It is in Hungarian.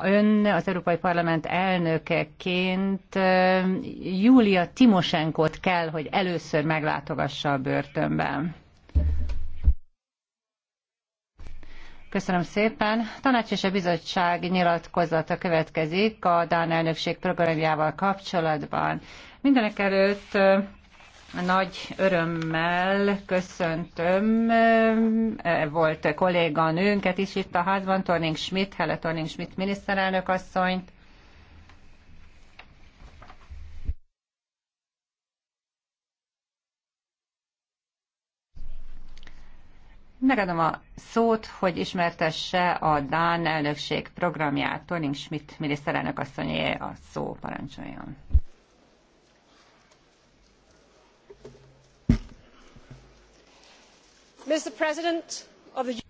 Ön az Európai Parlament elnökeként Júlia Timosenkot kell, hogy először meglátogassa a börtönben. Köszönöm szépen. Tanács és a bizottság nyilatkozata következik a Dán elnökség programjával kapcsolatban. Mindenek előtt nagy örömmel köszöntöm, eh, volt kolléga nőnket is itt a házban, Torning Schmidt, Helle Torning Schmidt miniszterelnök asszonyt. Megadom a szót, hogy ismertesse a Dán elnökség programját. Torning Schmidt miniszterelnök asszonyé a szó parancsoljon. mr president of the european council